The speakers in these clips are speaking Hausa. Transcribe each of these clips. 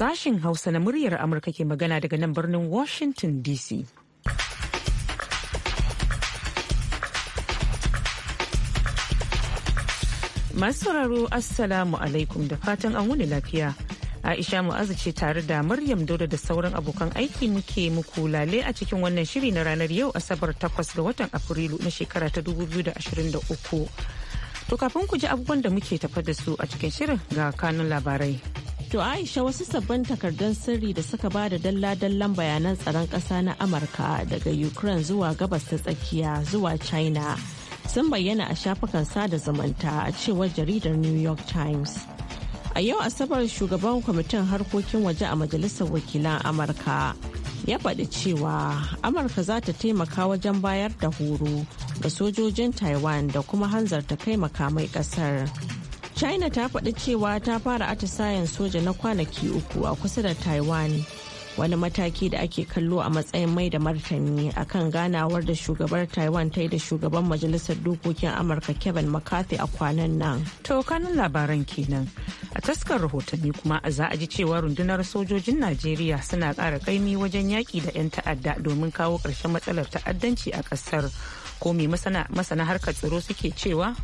Sashin Hausa na muryar Amurka ke magana daga nan birnin Washington DC. Masu sauraro Assalamu alaikum da fatan an wuni lafiya. Aisha Mu'azu ce tare da Maryam Dauda da sauran abokan aiki muke muku lale a cikin wannan shiri na ranar yau Asabar 8 ga watan Afrilu na shekara ta 2023. To kafin ku ji abubuwan da muke tafa da su a cikin shirin ga kanun labarai. To Aisha wasu sabbin takardun sirri da suka ba da dalla-dallan bayanan tsaron ƙasa na Amurka daga Ukraine zuwa gabas ta tsakiya zuwa China sun bayyana a shafukan sada zumunta a cewar jaridar New York Times. A yau Asabar shugaban kwamitin harkokin waje a Majalisar Wakilan Amurka ya faɗi cewa Amurka za ta taimaka wajen bayar da horo ga sojojin Taiwan da kuma hanzarta kai makamai ƙasar. china ta faɗi cewa ta fara atisayen soja na kwanaki uku a kusa da taiwan wani mataki da ake kallo a matsayin mai da martani a kan ganawar da shugabar taiwan ta yi da shugaban majalisar dokokin amurka kevin mccarthy a kwanan nan to kanin labaran kenan a taskar rahotanni kuma za a ji cewa rundunar sojojin najeriya suna ƙara kaimi wajen yaƙi da 'yan ta'adda domin kawo ƙarshen matsalar ta'addanci a ƙasar ko me masana harkar tsaro suke cewa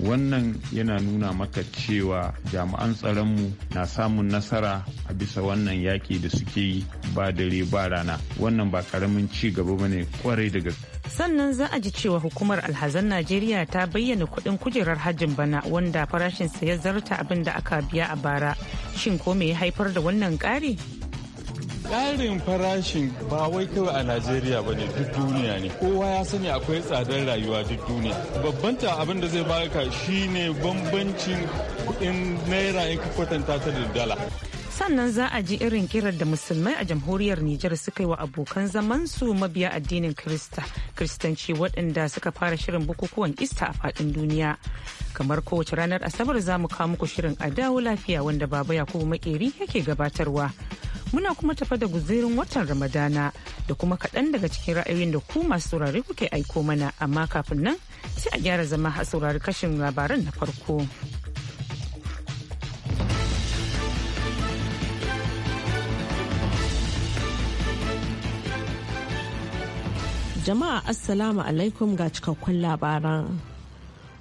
wannan yana nuna maka cewa jami'an tsaronmu na samun nasara a bisa wannan yaƙi da suke yi ba dare ba rana wannan ba karamin ci gaba bane kwarai daga sannan za a ji cewa hukumar alhazan najeriya ta bayyana kuɗin kujerar hajjin bana wanda farashinsa ya zarta abin da aka biya a bara shin ko me ya haifar da wannan ƙari Ƙarin farashin ba wai kawai a Najeriya ba ne duk duniya ne. Kowa ya sani akwai tsadar rayuwa duk duniya. Babban ta abin da zai baka shi ne bambancin kuɗin naira in ka kwatanta ta da dala. sannan za a ji irin kirar da musulmai a jamhuriyar Nijar suka yi wa abokan zaman su mabiya addinin Kirista, Kiristanci waɗanda suka fara shirin bukukuwan Ista a faɗin duniya. Kamar kowace ranar Asabar za mu kawo muku shirin a dawo lafiya wanda Baba Yakubu Makeri yake gabatarwa. muna kuma tafa da guzirin watan ramadana da kuma kaɗan daga cikin ra'ayoyin da ku masu saurari kuke aiko mana amma kafin nan sai a gyara zama a saurari kashin labaran na farko jama'a assalamu alaikum ga cikakkun labaran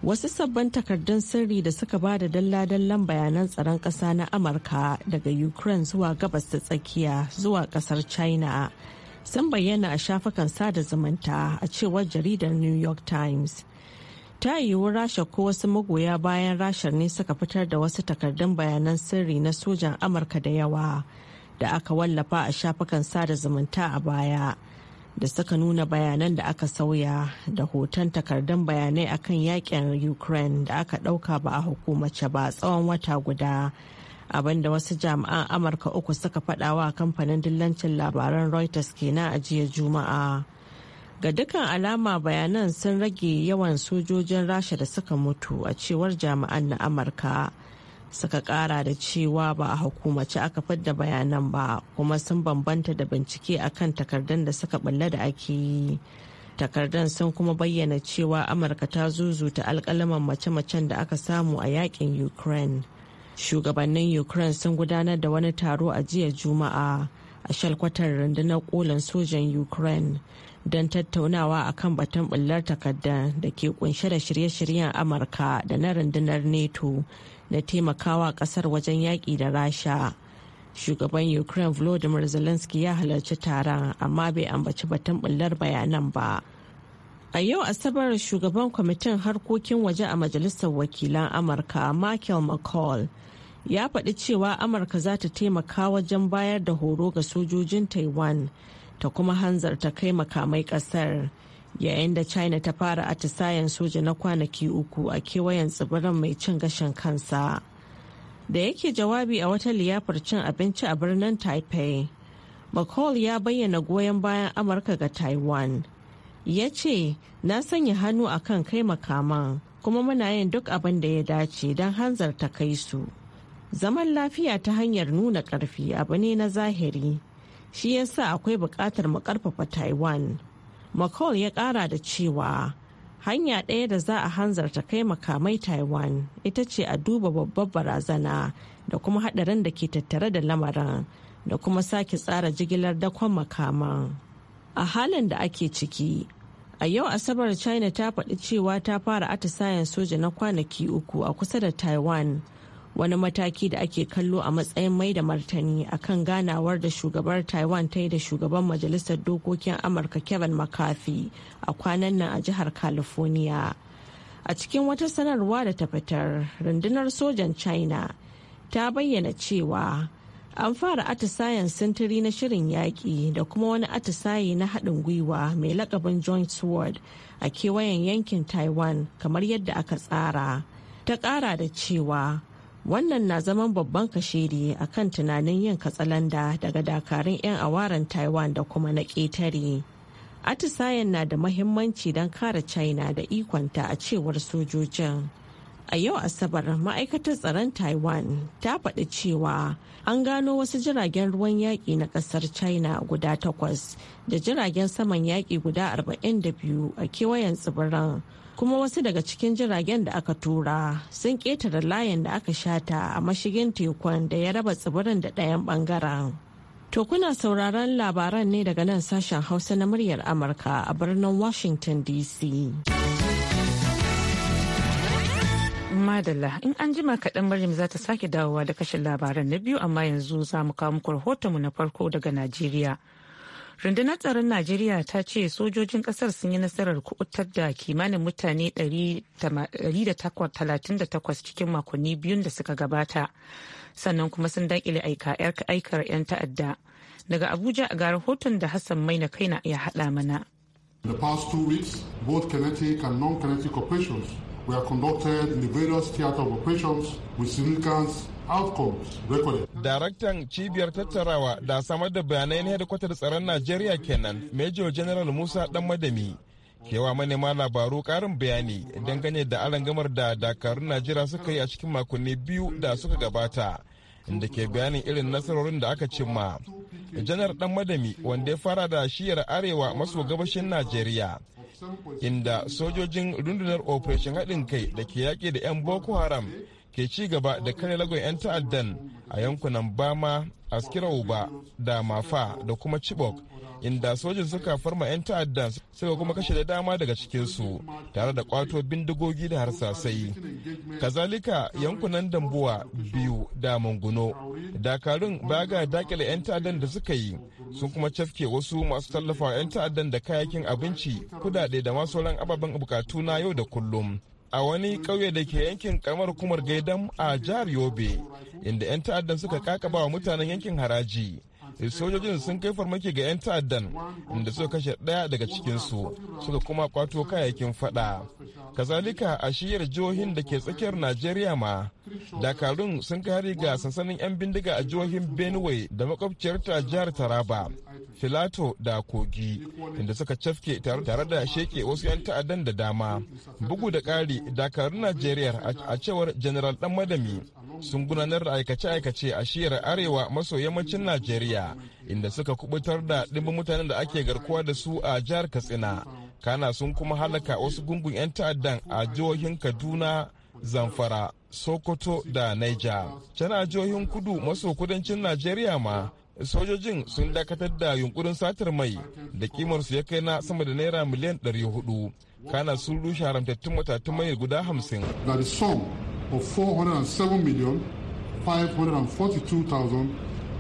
wasu sabbin takardun sirri da suka ba da dalla-dallan bayanan tsaron ƙasa na amurka daga ukraine zuwa gabas ta tsakiya zuwa ƙasar china sun bayyana a shafukan sada zumunta a cewar jaridar new york times ta yiwu rasha ko wasu magoya bayan rashar ne suka fitar da wasu takardun bayanan sirri na sojan amurka da yawa da aka wallafa a shafukan sada zumunta a baya. da suka nuna bayanan da aka sauya da hoton takardun bayanai akan yakin ukraine da aka ɗauka ba a hukumace ba tsawon wata guda abinda wasu jami'an amurka uku suka faɗawa kamfanin dillancin labaran reuters kenan a jiya juma'a ga dukkan alama bayanan sun rage yawan sojojin rasha da suka mutu a cewar jami'an na amurka suka kara da cewa ba a hukumace aka fadda bayanan ba kuma sun bambanta da bincike akan takardun da suka bulla da ake yi takardun sun kuma bayyana cewa amurka ta zuzuta alkalaman mace-macen da aka samu a yakin ukraine shugabannin ukraine sun gudanar da wani taro a jiya juma'a a shalkwatar rundunar kolin sojan ukraine don tattaunawa a kan batun bullar takardar da ke kunshe da shirye-shiryen amurka da na rundunar nato na taimakawa kasar wajen yaƙi da rasha shugaban ukraine volodymyr zelensky ya halarci taron amma bai ambaci batun bullar bayanan ba a yau asabar shugaban kwamitin harkokin waje a majalisar wakilan amurka michael mccall ya faɗi cewa amurka za ta taimaka wajen bayar da horo ga sojojin taiwan ta kuma hanzarta kai makamai ƙasar. yayin da china ta fara atisayen soja na kwanaki uku a kewayen tsibirin mai cin gashin kansa da yake jawabi a wata liyafar cin abinci a birnin taipei mccall ya bayyana goyon bayan amurka ga taiwan ya ce na sanya hannu a kan kai makaman kuma muna yin duk abin da ya dace don ta kai su zaman lafiya ta hanyar nuna karfi abu ne na zahiri shi yasa akwai buƙatar mu karfafa taiwan mccall ya kara da cewa hanya ɗaya da za a hanzarta kai makamai taiwan ita ce a duba babbar barazana da kuma haɗarin da ke tattare da lamarin da kuma sake tsara jigilar dakon makaman a halin da ake ciki a yau asabar china ta faɗi cewa ta fara atisayen soja na kwanaki uku a kusa da taiwan wani mataki da ake kallo a matsayin mai da martani a kan ganawar da shugabar taiwan ta yi da shugaban majalisar dokokin amurka kevin mccarthy a kwanan nan a jihar california a cikin wata sanarwa da ta fitar rundunar sojan china ta bayyana cewa an fara atisayen sintiri na shirin yaƙi da kuma wani atisaye na haɗin gwiwa mai lakabin joint sword a kewayen yankin taiwan kamar yadda aka tsara ta ƙara da cewa wannan na zaman babban kashedi a kan tunanin yin katsalanda daga dakarun 'yan awaran taiwan da kuma na ƙetare atisayen na da mahimmanci don kare china da ikonta a cewar sojojin a yau asabar ma'aikatar tsaron taiwan ta faɗi cewa an gano wasu jiragen ruwan yaƙi na ƙasar china guda takwas da jiragen saman yaƙi guda 42 a kewayen tsibiran kuma wasu daga cikin jiragen da aka tura sun ƙetare layin da aka shata a mashigin tekun da ya raba tsibirin da ɗayan ɓangaren. To kuna sauraron labaran ne daga nan sashen Hausa na muryar Amurka a birnin Washington DC. Madalla in an jima kaɗan Maryam za ta sake dawowa da kashin labaran na biyu amma yanzu za mu kawo muku rahotonmu na farko daga Najeriya. rundunar tsaron najeriya ta ce sojojin kasar sun yi nasarar kubutar da kimanin mutane 138 cikin makonni biyun da suka gabata sannan kuma sun dakile aikar 'yan ta'adda daga abuja a ga rahoton da hassan maina kaina ya haɗa mana the past two weeks both and non conducted in the various theater of operations with significance Daraktan cibiyar tattarawa da samar da bayanai na hedikwatar tsaron Najeriya kenan, Major General Musa Dan Madami. Kewa manema labaru karin bayani dangane da gamar da dakarun Najeriya suka yi a cikin makonni biyu da suka gabata. da ke bayanin irin nasarorin da aka cimma. janar dan madami wanda ya fara da shiyar arewa maso gabashin najeriya inda sojojin rundunar operation haɗin kai da ke yaƙi da 'yan boko haram ke ci gaba da kare lagon 'yan ta'addan a yankunan bama askirauba da mafa da kuma chibok inda sojin suka farma 'yan ta'addan suka kuma kashe da dama daga cikinsu tare da kwato bindigogi da harsasai kazalika yankunan dambuwa biyu da manguno dakarun baga ga dakile 'yan ta'addan da suka yi sun kuma cafke wasu masu tallafawa 'yan ta'addan da kayakin abinci kudade da masu ran ababen bukatu na yau da kullum a wani ƙauye da ke yankin kamar kumar gaidam a jihar yobe inda 'yan ta'addan suka kakaba wa mutanen yankin haraji sojojin sun kai farmaki ga 'yan ta'addan inda suka kashe ɗaya daga cikinsu suka kuma kwato kayayyakin fada kazalika a shiyar jihohin da ke tsakiyar najeriya ma dakarun sun kari ga sansanin 'yan bindiga a jihohin benue da ta jihar taraba filato da kogi inda suka cafke tare da sheke wasu 'yan ta'addan da dama bugu da ƙari dakarun najeriya a cewar general dan madami sun gudanar da aikace-aikace a shiyar arewa maso yammacin najeriya inda suka kubutar da ɗimbin mutanen da ake garkuwa da su a jihar Katsina. Kana sun kuma halaka wasu gungun 'yan ta'addan a jihohin Kaduna, Zamfara, Sokoto da Niger. Can a jihohin kudu maso kudancin Najeriya ma sojojin sun dakatar da yunkurin satar mai da kimarsu ya kai na sama da naira miliyan 400 kana sun rushe haramtattun matatun mai guda 50 of 407 million 542,000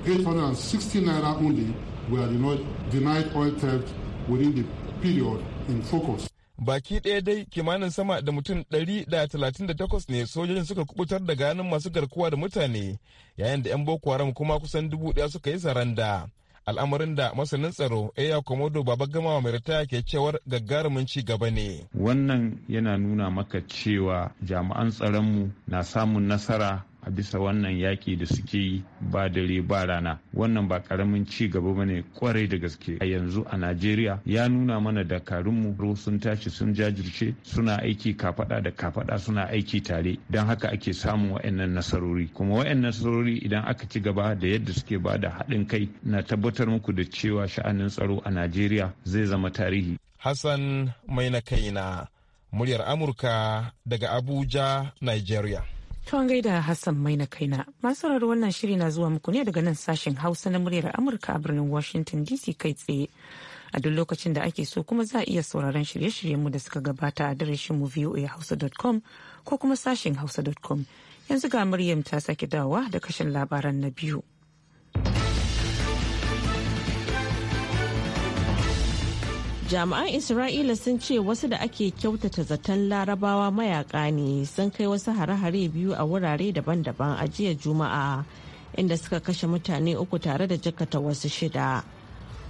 860 naira only were denied oil theft within the period in focus. Baki ɗaya dai kimanin sama da mutum 138 ne sojojin suka kubutar da hannun masu garkuwa da mutane yayin da 'yan Boko Haram kuma kusan dubu ɗaya suka yi saranda. al'amarin da masanin tsaro eya komodo baba gama wa ke cewar gagarumin ci gaba ne wannan yana nuna maka cewa jami'an tsaronmu na samun nasara a bisa wannan yaƙi da suke yi ba dare ba rana wannan ba karamin ci gaba bane kwarai da gaske a yanzu a najeriya ya nuna mana dakarunmu sun tashi sun jajirce suna aiki kafada da kafada suna aiki tare don haka ake samun wa'annan nasarori kuma wa'annan nasarori idan aka ci gaba da yadda suke ba da haɗin kai na tabbatar muku da cewa sha'anin tsaro a najeriya zai zama tarihi hassan mai na kaina muryar amurka daga abuja nigeria Tuwon gaida Hassan Maina kaina. Masu sauraro wannan shiri na zuwa muku ne daga nan sashen Hausa na muryar Amurka a birnin Washington DC kai tsaye. A duk lokacin da ake so kuma za a iya sauraron shirye-shiryenmu da suka gabata a adireshin mu voahausa.com ko kuma sashen hausa.com. Yanzu ga Maryam ta sake dawowa da kashin labaran na biyu. jami'an isra'ila sun ce wasu da ake kyautata zaton larabawa mayaka ne sun kai wasu hare-hare biyu a wurare daban-daban a jiya juma'a inda suka kashe mutane uku tare da jakata wasu shida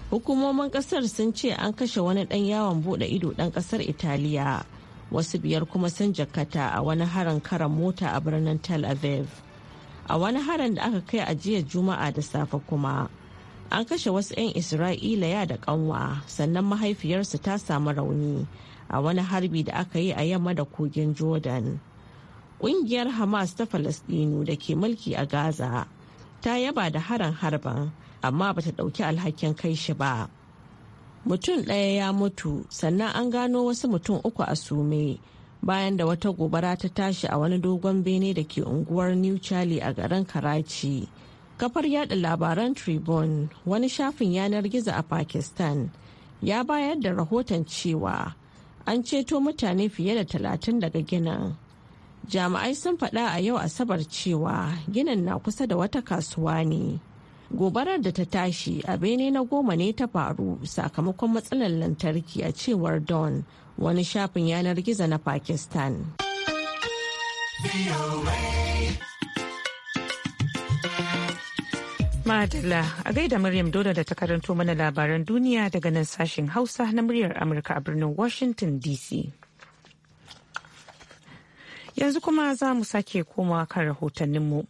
hukumomin kasar sun ce an kashe wani dan yawon bude ido dan kasar italiya wasu biyar kuma sun jakata a wani harin karan mota a birnin tel aviv a wani harin da aka kai a jiya juma'a da safe kuma an kashe wasu 'yan isra'ila ya da kanwa sannan mahaifiyarsu ta samu rauni a wani harbi da aka yi a yamma da kogin jordan ƙungiyar hamas ta falasɗinu da ke mulki a gaza ta yaba da haran harban amma ba ta ɗauki alhakin kai shi ba mutum ɗaya ya mutu sannan an gano wasu mutum uku a sume bayan da wata gobara ta tashi a wani dogon bene da ke unguwar new charlie a garin karachi kafar yada labaran tribune wani shafin yanar gizo a pakistan ya bayar da rahoton cewa an ceto mutane fiye da talatin daga ginin jami'ai sun faɗa a yau asabar cewa ginin na kusa da wata kasuwa ne gobarar da ta tashi a bene na goma ne ta faru sakamakon matsalar lantarki a cewar don wani shafin yanar gizo na pakistan Madala a gaida Maryam Dole da ta karanto mana labaran duniya daga nan sashen Hausa na muryar Amurka a birnin Washington DC. Yanzu kuma za mu sake komawa kan rahotanninmu.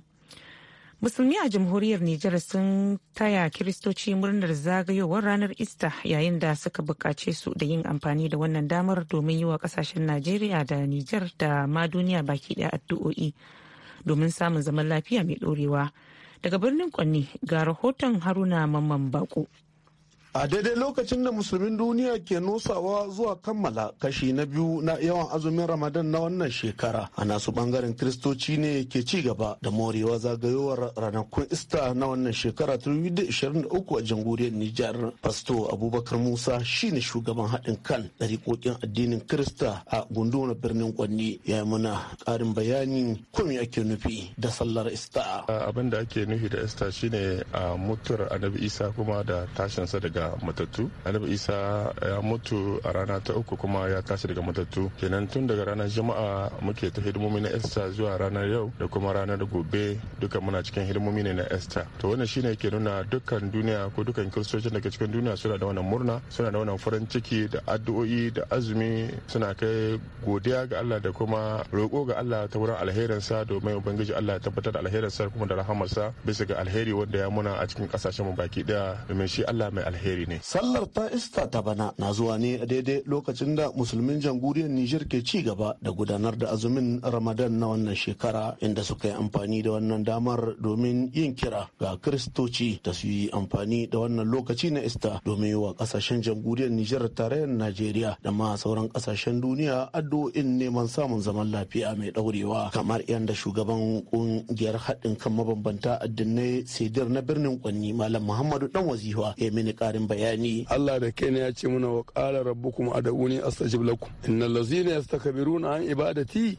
Musulmi a jamhuriyar Nijar sun taya Kiristoci murnar zagayowar ranar Ista yayin da suka bukace su da yin amfani da wannan damar domin yi wa kasashen Najeriya da Nijar da ma duniya baki daya addu'o'i domin samun zaman lafiya mai ɗorewa. Daga birnin Kwanni ga rahoton Haruna Mamman Bako. A daidai lokacin da musulmin duniya ke nosawa zuwa kammala kashi na biyu na yawan azumin Ramadan na wannan shekara, a nasu bangaren Kiristoci ne ke ci gaba da morewa zagayowar ranakun Ista na wannan shekara 2023 a jamhuriyar Nijar. Pasto Abubakar Musa shine shugaban haɗin kan ɗariƙoƙin addinin Kirista a gundumar birnin Kwanni ya yi muna ƙarin bayani kome ake nufi da sallar Ista. Abin da ake nufi da Ista shine a mutuwar Annabi Isa kuma da sa daga da matattu annabi isa ya mutu a rana ta uku kuma ya tashi daga matattu kenan tun daga ranar juma'a muke ta hidimomi na esta zuwa ranar yau da kuma ranar gobe duka muna cikin hidimomi ne na esta to wannan shine ke nuna dukkan duniya ko dukkan kiristocin daga cikin duniya suna da wannan murna suna da wannan farin ciki da addu'o'i da azumi suna kai godiya ga Allah da kuma roƙo ga Allah ta wurin alherinsa domin ubangiji Allah ya tabbatar da alherinsa kuma da rahamarsa bisa ga alheri wanda ya muna a cikin kasashen mu baki daya domin shi Allah mai alheri alheri ne sallar ta ista ta bana na zuwa ne daidai lokacin da musulmin jamhuriyar nijar ke ci gaba da gudanar da azumin ramadan na wannan shekara inda suka yi amfani da wannan damar domin yin kira ga kiristoci da su yi amfani da wannan lokaci na ista domin wa kasashen jamhuriyar tare tarayyar najeriya da ma sauran kasashen duniya addu'o'in neman samun zaman lafiya mai daurewa kamar yadda shugaban kungiyar haɗin kan mabambanta addinai sidir na birnin kwanni malam muhammadu dan waziwa ya mini ƙarin ƙarin bayani Allah da kai ya ce muna wa qala rabbukum ad'uni astajib lakum innal ladzina yastakbiruna an ibadati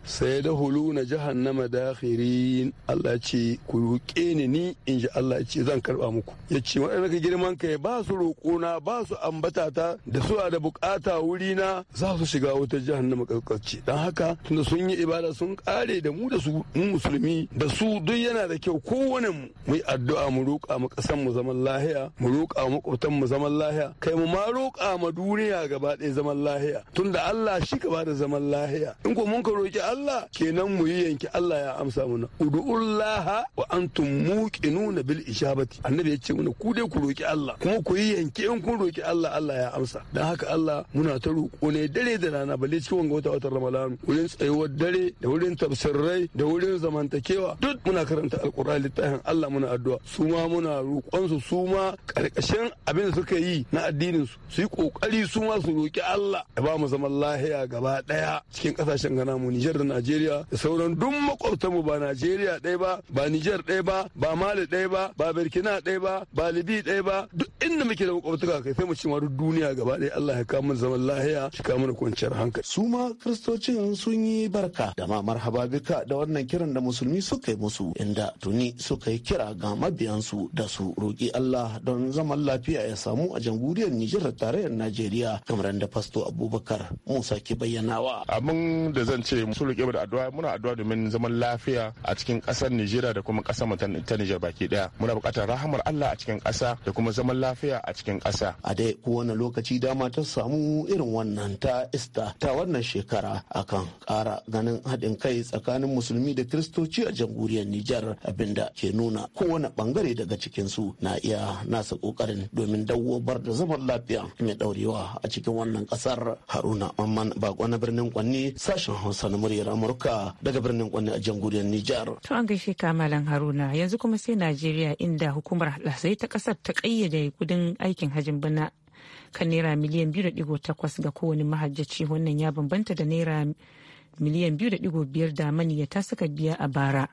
na jahannama dakhirin Allah ce ku roƙe ni ni in ji Allah ce zan karba muku yace waɗanda ka girman kai ba su roƙona ba su ambata ta da su da bukata wuri na za su shiga wata jahannama kalkalci dan haka da sun yi ibada sun ƙare da mu da su mu musulmi da su duk yana da kyau kowane mu mu yi addu'a mu roƙa mu ƙasan mu zaman lahiya mu roƙa mu makwabtan mu zaman lahiya kai mu ma roƙa ma duniya gaba ɗaya zaman lahiya tunda Allah shi ka bada zaman lahiya in ko mun ka roƙi Allah kenan mu yi yanki Allah ya amsa mana ud'ullaha wa antum muqinuna bil ijabati annabi ya ce mana ku dai ku roki Allah kuma ku yi yanki in kun roƙi Allah Allah ya amsa dan haka Allah muna ta roƙo ne dare da rana balle cikin wanga wata watan Ramadan wurin tsayuwar dare da wurin tafsirrai da wurin zamantakewa duk muna karanta alqur'ani littafin Allah muna addu'a su ma muna roƙon su su ma ƙarƙashin abin da suka yi na addinin su su yi kokari su ma su roki Allah ya ba mu zaman lahiya gaba daya cikin kasashen gana mu Niger da Najeriya da sauran duk makwabtan mu ba Najeriya ɗaya ba ba Niger ɗaya ba ba Mali ɗaya ba ba Burkina ɗaya ba ba Libi ɗaya ba duk inda muke da makwabtaka kai sai mu ci ma duk duniya gaba daya Allah ya kawo mu zaman lahiya shi kawo mu kwanciyar hankali su ma kristocin sun yi barka da ma marhaba bika da wannan kiran da musulmi suka yi musu inda tuni suka yi kira ga mabiyansu da su roki Allah don zaman lafiya ya sa samu a jamhuriyar Nijar da tarayyar Najeriya kamar da Fasto Abubakar Musa ke bayyanawa. Abin da zan ce musu rike da addu'a muna addu'a domin zaman lafiya a cikin ƙasar Nijeriya da kuma ƙasar mu ta Nijar baki daya. Muna buƙatar rahamar Allah a cikin ƙasa da kuma zaman lafiya a cikin ƙasa. A dai kowane lokaci dama ta samu irin wannan ta ista ta wannan shekara akan ƙara ganin haɗin kai tsakanin musulmi da kiristoci a jamhuriyar Nijar abinda ke nuna kowane ɓangare daga cikinsu na iya nasa ƙoƙarin domin dawobar da zaman lafiya mai daurewa a cikin wannan kasar haruna amman bako na birnin kwanni sashen hausa na muryar amurka daga birnin kwanni a jamhuriyar nijar to an gaishe ka haruna yanzu kuma sai najeriya inda hukumar halasai ta kasar ta kayyade kudin aikin hajin bana kan naira miliyan biyu da ɗigo takwas ga kowane mahajjaci wannan ya bambanta da naira miliyan biyu da digo biyar da ta saka biya a bara.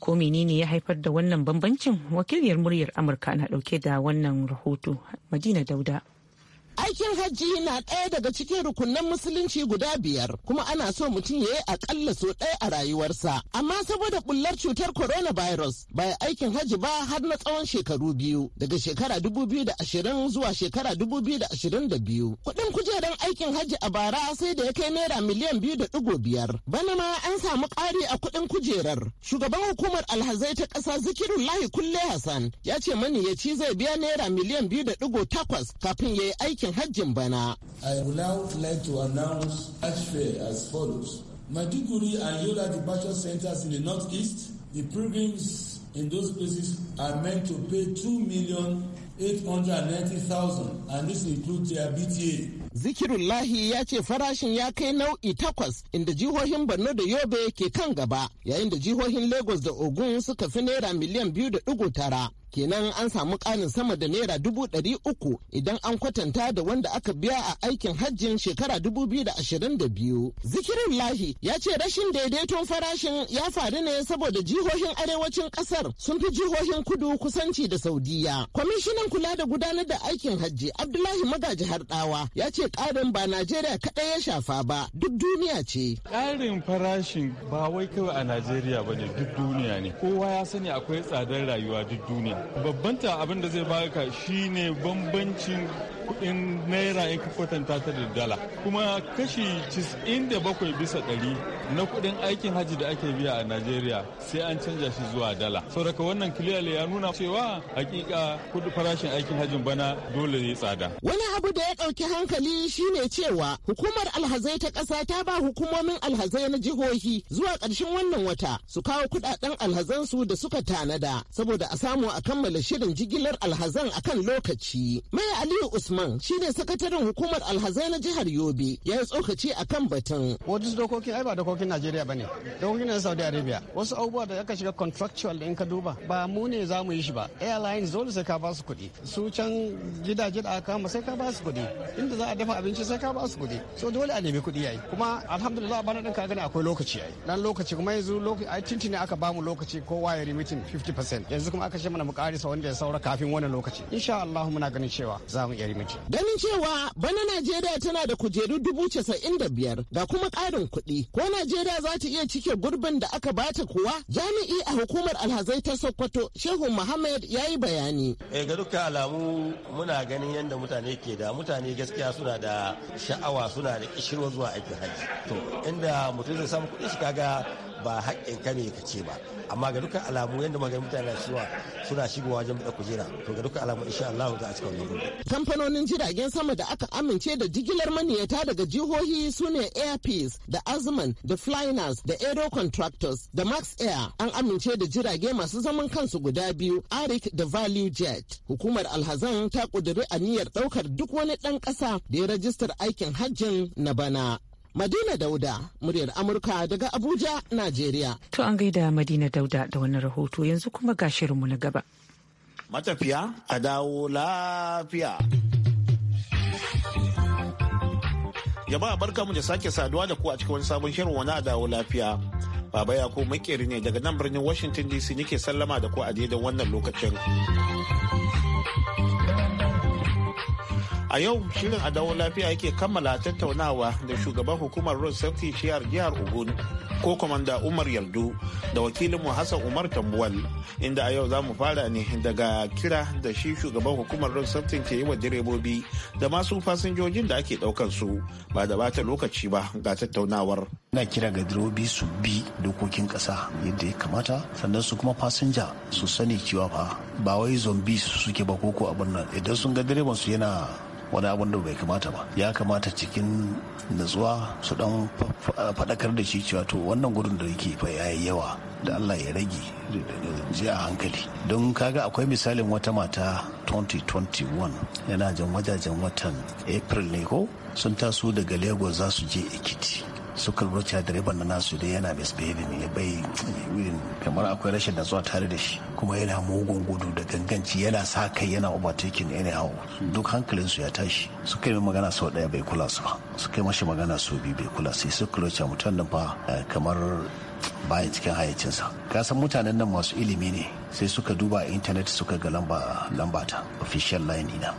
Ko menene ya haifar da wannan bambancin wakiliyar muryar Amurka na dauke da wannan rahoto Madina Dauda. Aikin hajji na ɗaya daga cikin rukunan musulunci guda biyar kuma ana so mutum ya yi aƙalla so ɗaya a rayuwarsa. Amma saboda bullar cutar coronavirus ba ya aikin hajji ba har na tsawon shekaru biyu daga shekara ashirin zuwa shekara biyu. Kuɗin kujerar aikin hajji a bara sai da ya kai naira miliyan biyu da ɗigo biyar. Bana ma an samu ƙari a kuɗin kujerar. Shugaban hukumar alhazai ta ƙasa zikirullahi kulle Hassan ya ce maniyaci zai biya naira miliyan biyu da ɗigo takwas kafin ya yi aikin aikin hajjin bana. I would now like to announce Hajj Fair as follows. Maiduguri and Yola departure centers in the northeast, the pilgrims in those places are meant to pay 2 million 890,000 and this includes their BTA. Zikirullahi ya ce farashin ya kai nau'i takwas inda jihohin Borno da Yobe ke kan gaba yayin da jihohin Lagos da Ogun suka fi naira miliyan biyu da ɗigo tara. kenan an samu ƙarin sama da naira dubu ɗari uku idan an kwatanta da wanda aka biya a aikin hajjin shekara dubu biyu da ashirin da biyu. Zikirin Lahi ya ce rashin daidaiton farashin ya faru ne saboda jihohin arewacin ƙasar sun fi jihohin kudu kusanci da Saudiya. Kwamishinan kula da gudanar da aikin hajji Abdullahi Magaji Harɗawa ya ce ƙarin ba Najeriya kaɗai ya shafa ba duk duniya ce. Ƙarin farashin ba wai kawai a Najeriya ba ne duk duniya ne. Kowa ya sani akwai tsadar rayuwa duk duniya. babbanta abin da zai baka shine bambancin kudin naira in ka kwatanta ta da dala kuma kashi 97 bisa ɗari na kudin aikin hajji da ake biya a najeriya sai an canja shi zuwa dala saboda wannan clearly ya nuna cewa hakika kudin farashin aikin hajjin bana dole ne tsada wani abu da ya ɗauki hankali shine cewa hukumar alhazai ta ƙasa ta ba hukumomin alhazai na jihohi zuwa ƙarshen wannan wata su kawo kuɗaɗen su da suka tanada saboda a samu a kammala shirin jigilar alhazan akan lokaci mai aliyu usman Usman shine sakataren hukumar alhazai na jihar Yobe ya yi tsokaci a kan batun. Wajen dokokin ai ba dokokin Najeriya ba ne, dokokin na Saudi Arabia. Wasu abubuwa da aka shiga contractual in ka duba ba mu ne za mu yi shi ba. Airlines dole sai ka ba su kuɗi. Su can gidaje da aka kama sai ka ba su kuɗi. Inda za a dafa abinci sai ka ba su kuɗi. So dole a nemi kuɗi yayi. Kuma alhamdulillah bana ɗin ka gani akwai lokaci yayi. Dan lokaci kuma yanzu lokaci ai tinti ne aka ba mu lokaci ko ya rimitin 50%. Yanzu kuma aka shi mana mu ƙarisa wanda ya saura kafin wannan lokaci. Insha Allah muna ganin cewa za mu iya rimitin. Ganin cewa bana Najeriya tana da kujeru dubu casa'in da biyar ga kuma ƙarin kuɗi. Ko Najeriya za ta iya cike gurbin da aka bata kuwa? Jami'i a hukumar alhazai ta Sokoto Shehu Muhammad ya yi bayani. Eh ga dukkan alamu muna ganin yadda mutane ke da mutane gaskiya suna da sha'awa suna da ƙishirwa zuwa aikin hajji. To inda mutum zai samu kuɗi shi kaga ba haƙƙin ka ne ka ce ba amma ga dukkan alamu yadda maganin mutane cewa suna shigowa wajen buɗe kujera to ga dukkan alamu insha Allah za a cika wannan gudu. kamfanonin jiragen sama da aka amince da jigilar maniyata daga jihohi su ne airpeace da azman da flynas da aero contractors da max air an amince da jirage masu zaman kansu guda biyu arik da value jet hukumar alhazan ta ƙudiri aniyar ɗaukar duk wani ɗan ƙasa da ya rajistar aikin hajjin na bana. Madina Dauda, muryar Amurka daga Abuja, Najeriya. To an gaida Madina Dauda da wani rahoto yanzu kuma ga shirinmu na gaba. Matafiya a dawo lafiya. a barkamu da sake saduwa da ku a cikin wani sabon shirin wani a dawo lafiya. Baba ya Yakubu makeri ne daga nan birnin Washington DC nike sallama da ku a daidai wannan lokacin. A yau shirin a dawo lafiya yake kammala tattaunawa da shugaban hukumar Road Safety Shiyar jihar Ogun ko kwamanda Umar Yardu da wakilin mu Hassan Umar Tambuwal inda a yau za mu fara ne daga kira da shi shugaban hukumar Road Safety ke yi wa direbobi da masu fasinjojin da ake ɗaukar su ba da bata lokaci ba ga tattaunawar. na kira ga direbobi su bi dokokin kasa yadda ya kamata sannan su kuma fasinja su sani cewa fa ba wai zombi suke ba ko abin nan idan sun ga direban su yana wani abin da bai kamata ba ya kamata cikin natsuwa su dan faɗakar da shi cewa to wannan gudun da yake fa yayi yawa da Allah ya rage je a hankali don kaga akwai misalin wata mata 2021 yana jan wajajen watan april ne ko sun taso daga lagos za su je ekiti suka lura direban na nasu dai yana misbehaving ya bai irin kamar akwai rashin zuwa tare da shi kuma yana mugun gudu da ganganci yana sa kai yana overtaking anyhow duk hankalin su ya tashi suka yi magana sau daya bai kula su ba suka yi mashi magana sau biyu bai kula sai suka lura mutum fa eh, kamar bayan cikin hayyacinsa ka san mutanen nan masu ilimi ne sai suka duba a intanet suka ga lamba lamba ta official line ina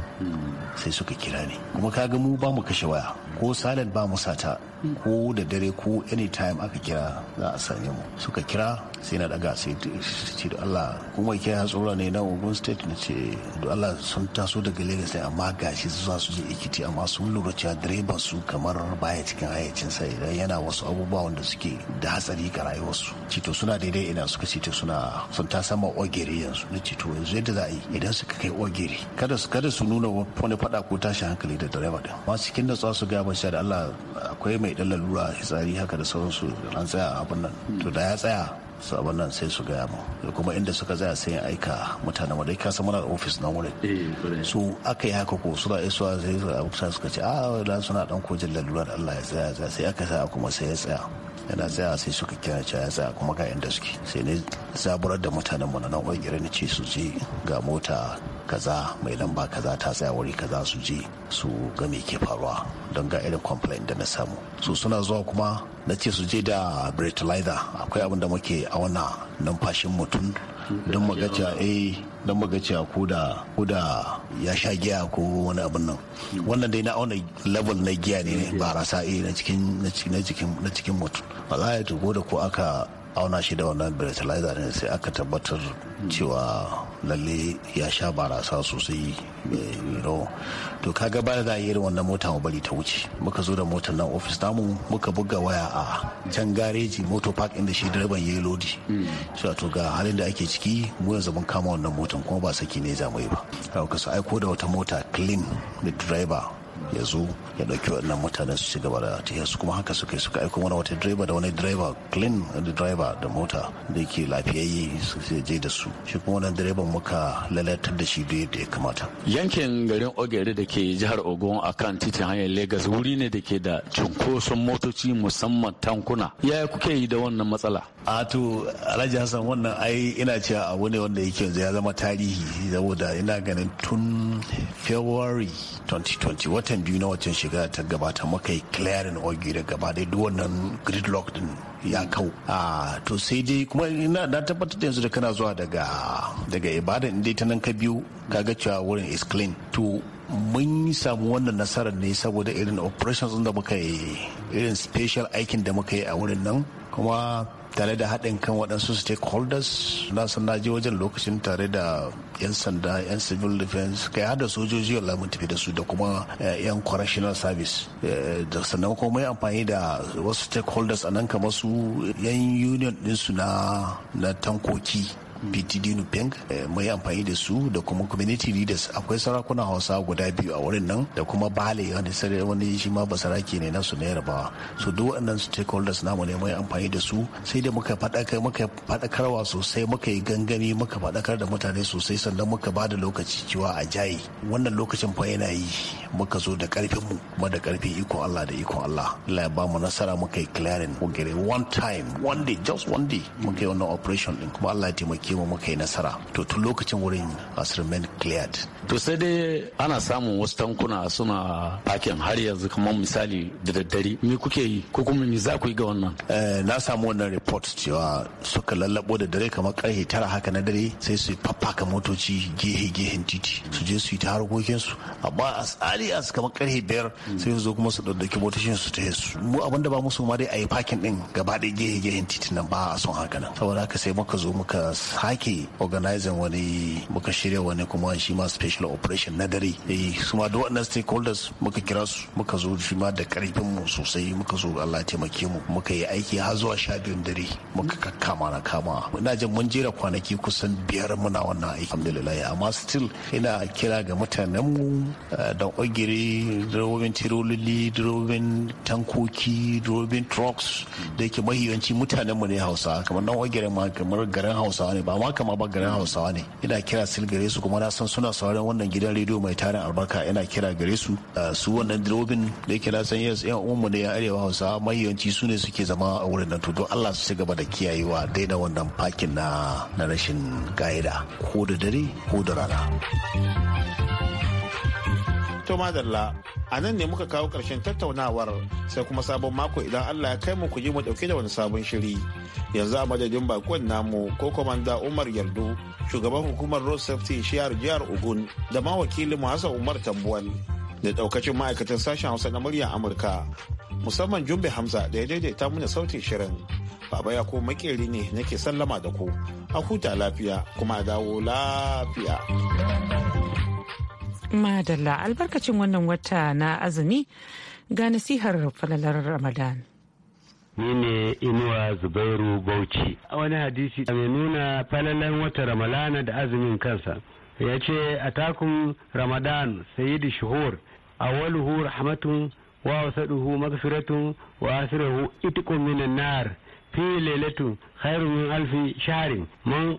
sai suka kira ni kuma kaga mu ba mu kashe waya ko silent ba mu sata ko da dare ko anytime aka kira za a same mu suka kira sai na daga sai ce da Allah kuma ke tsora ne na Ogun state na ce da Allah sun taso daga Lagos ne amma gashi za su je Ekiti amma sun lura cewa direban su kamar baya cikin hayacin sa idan yana wasu abubuwa wanda suke da hatsari ga rayuwarsu ce to suna daidai ina suka ce to suna sun ta sama ogiri yanzu na yanzu yadda za a yi idan suka kai ogiri kada su kada su nuna wani fada ko tashi hankali da direba din ma cikin da su ga ba da Allah akwai mai dan lalura hitsari haka da sauransu da an tsaya abin nan to da ya tsaya su nan sai su gaya mu da kuma inda suka tsaya sai ya aika mutane wanda ka san muna da ofis na wurin eh, su aka yi haka ko suna isuwa sai su suka ce a ah, suna dan kojin lalura da Allah ya tsaya sai aka sa kuma sai ya tsaya yana tsaya sai suka kira cewa ya tsaya kuma ga inda suke sai ne zaburar da mutanen mu na nan ƙungiyar na ce su je ga mota kaza mai lamba kaza ta tsaya wuri kaza su je su ga me ke faruwa don ga irin complain da na samu su suna zuwa kuma na ce su je da breathalyzer akwai abin da muke auna numfashin mutum don mu ga eh don muga cewa ko da ya sha giya ko wani abin nan wannan dai na auna level na giya ne barasa e na cikin na cikin na cikin mutum ba za ya tugo da ko aka auna shi da wannan breathalyzer ne sai aka tabbatar cewa lalle ya sha barasa sosai rawa eh, to kaga ba da a yi wannan mota mu bari ta wuce muka zo da motar nan ofis namu muka buga waya a can gareji moto park inda shi direban ya yi lodi hmm. cewa to ga halin da ake ciki mu yanzu mun kama wannan motar kuma ba saki ne za mu yi ba ka su aiko da wata mota clean da driver ya zo ya ɗauki waɗannan mutane su ci gaba da tafiya su kuma haka suka suka aiko mana wata direba da wani direba clean da direba da mota da yake lafiyayye su je da su shi kuma wannan direban muka lalatar da shi da yadda ya kamata. yankin garin ogere da ke jihar ogun a kan titin hanyar lagos wuri ne da ke da cunkoson motoci musamman tankuna yaya kuke yi da wannan matsala. a to alhaji hassan wannan ai ina cewa abu ne wanda yake yanzu ya zama tarihi saboda ina ganin tun february 2020 watan watan biyu na waccan shiga ta gabata muka yi clearing ogi da gaba dai duk wannan gridlock din ya kau a ah, to sai dai kuma ina na tabbatar da yanzu da kana zuwa daga daga ibadan dai ta nan ka biyu kaga cewa wurin is clean to mun samu wannan nasarar ne saboda irin operations da muka yi irin special aikin da muka yi a wurin nan kuma tare da haɗin kan waɗansu stakeholders na san na je wajen lokacin tare da 'yan sanda 'yan civil defense kai har da sojoji wala mun tafi da su da kuma eh, 'yan correctional service eh, da sannan kuma mai amfani da wasu stakeholders a nan kamar su 'yan union ɗinsu na tankoki btd nupeng eh, mai amfani da su da kuma community leaders akwai sarakunan hausa guda biyu a wurin nan da kuma bale wani sarai wani shi ma basarake ne nasu na yarbawa so duk waɗannan stakeholders namu ne mai amfani da su sai da muka faɗakar muka faɗakarwa sosai muka yi gangami muka faɗakar da mutane sosai sannan muka ba da lokaci cewa a jayi wannan lokacin fa yana yi muka zo da karfin mu kuma da karfin ikon Allah da ikon Allah Allah ya ba mu nasara muka yi clearing one time one day just one day muka yi wannan operation din kuma Allah ya taimake taimake mu muka yi nasara to tun lokacin wurin has remain cleared to sai dai ana samun wasu tankuna suna fakin har yanzu kamar misali da daddare me kuke yi ko kuma me za ku yi ga wannan eh, na samu wannan report cewa suka lallabo da dare kamar karfe tara haka na dare sai su faffaka motoci gehe gehen titi su je su yi ta harkokin su amma a as a kamar karfe biyar sai su zo kuma su daddaki motocin su ta su mu abin da ba musu ma dai a yi fakin ɗin gaba ɗaya gehe gehen titi nan ba a son haka nan saboda haka sai muka zo muka sake organizing wani muka shirya wani kuma shi ma special operation na dare eh su ma da waɗannan stakeholders muka kira su muka zo shi ma da karfin mu sosai muka zo Allah taimake mu muka yi aiki har zuwa sha biyun dare muka kakkama na kama ina jin mun jera kwanaki kusan biyar muna wannan aiki alhamdulillah amma still ina kira ga mutanen mu eh, da ogiri drobin tirolili drobin tankoki drobin trucks da yake mahiyanci mutanen mu ne hausa kamar nan ogiri ma kamar garin hausa ne ba ma kama ba garin hausawa ne ina kira sil gare su kuma na san suna sauran wannan gidan rediyo mai tarin albarka ina kira gare su su wannan dirobin da yake na san yes yan umu da yan arewa hausawa mahiyanci su ne suke zama a wurin nan to don allah su ci gaba da kiyayewa daina wannan fakin na na rashin ga'ida ko da dare ko da rana. To madalla, a nan ne muka kawo ƙarshen tattaunawar sai kuma sabon mako idan Allah ya kai mu ku ji mu ɗauke da wani sabon shiri. Yanzu a madadin bakon namu ko komanda Umar Yardu, shugaban hukumar Road Safety Shiyar Jihar Ogun da ma wakilin Hassan Umar Tambuwal da daukacin ma'aikatan sashen Hausa na murya Amurka. Musamman Jumbe Hamza da ya daidaita mana sautin shirin. Baba ya ko makeri ne nake sallama da ku. A huta lafiya kuma a dawo lafiya. Madalla albarkacin wannan wata na azumi ga nasihar falalar Ramadan. ni ne inuwa zubairu bauchi a wani hadisi mai nuna falalan wata ramalana da azumin kansa ya ce a takun ramadan sayidu shuhur waluhu rahmatun wa wasaduhu magfiratun wa asirahu itikun minan nar fi lailatun khairu min alfi sharin man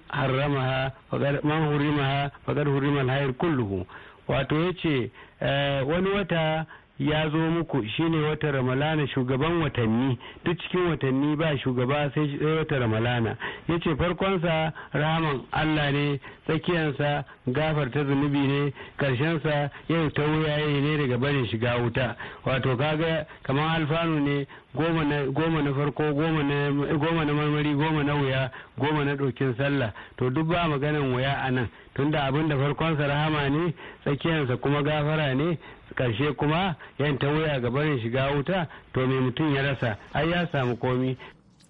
man hurimaha fagar hurima al kulluhu wato ya ce eh, wani wata ya zo muku shine wata ramalana shugaban watanni duk cikin watanni ba shugaba sai wata ramalana ya ce farkonsa rahaman allah ne tsakiyansa gafarta zunubi ne karshensa yau ta wuyaye ne daga barin shiga wuta wato kaga kamar alfanu ne goma na farko goma na marmari goma na wuya goma na dokin sallah to duk ba maganan wuya a nan tunda abin da farkonsa rahama ne tsakiyarsa kuma gafara ne karshe kuma yan ta wuya ga barin shiga wuta to me mutum ya rasa ai ya samu komi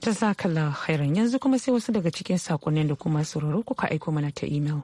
jazakallahu khairan yanzu kuma sai wasu daga cikin sakonnin da kuma sauraro kuka aiko mana ta imel.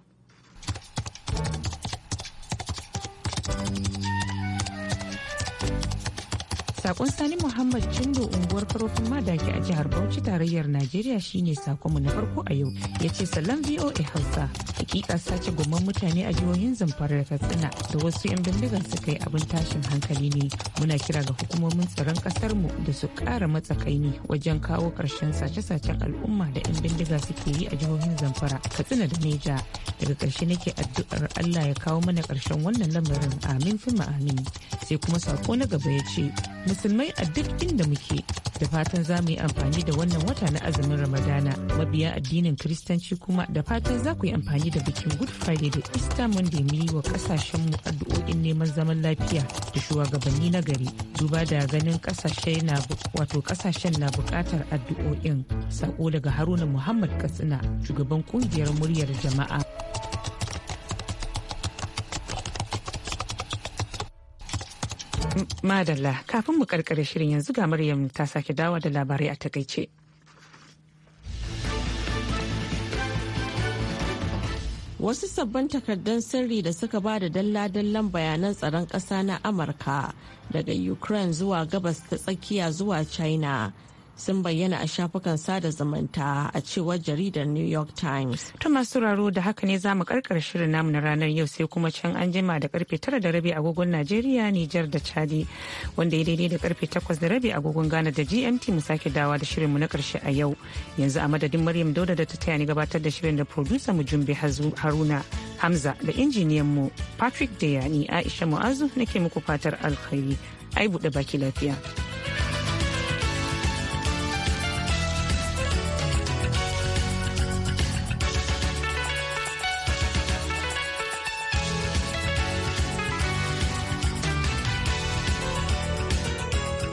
Sakon Sani Muhammad Chindo unguwar Karofin Madaki a jihar Bauchi tarayyar Najeriya shine mu na farko a yau. Ya ce salam VOA Hausa. Hakika sace gomman mutane a jihohin Zamfara da Katsina da wasu 'yan bindigar suka yi abin tashin hankali ne. Muna kira ga hukumomin tsaron kasar mu da su kara matsakaini wajen kawo karshen sace-sacen al'umma da 'yan bindiga suke yi a jihohin Zamfara, Katsina da Neja. Daga ƙarshe nake addu'ar Allah ya kawo mana ƙarshen wannan lamarin amin fi amin. Sai kuma sako na gaba ya ce musulmai a duk inda muke da fatan za mu yi amfani da wannan wata na azumin ramadana mabiya addinin kiristanci kuma da fatan za ku yi amfani da bikin good friday da easter monday mu yi wa kasashenmu addu'o'in neman zaman lafiya da shugabanni na gari duba da ganin na wato kasashen na bukatar addu'o'in sako daga haruna muhammad katsina shugaban kungiyar muryar jama'a Madalla kafin mu karkare shirin yanzu ga Maryam ta sake dawa da labarai a takaice. Wasu sabbin takardun sirri da suka ba da dalla-dallan bayanan tsaron ƙasa na Amurka daga Ukraine zuwa gabas ta tsakiya zuwa China sun bayyana a shafukan sada zumunta a cewar jaridar new york times ta masu sauraro da haka ne zamu karkar shirin namu na ranar yau sai kuma can an jima da karfe tara da rabi agogon najeriya nijar da chadi wanda ya daidai da karfe takwas da rabi agogon ghana da gmt mu sake dawa da shirinmu na karshe a yau yanzu a madadin maryam dauda da ta taya ni gabatar da shirin da producer mu jumbe haruna hamza da injiniyan mu patrick dayani aisha mu'azu nake muku fatar alkhairi ai buɗe baki lafiya.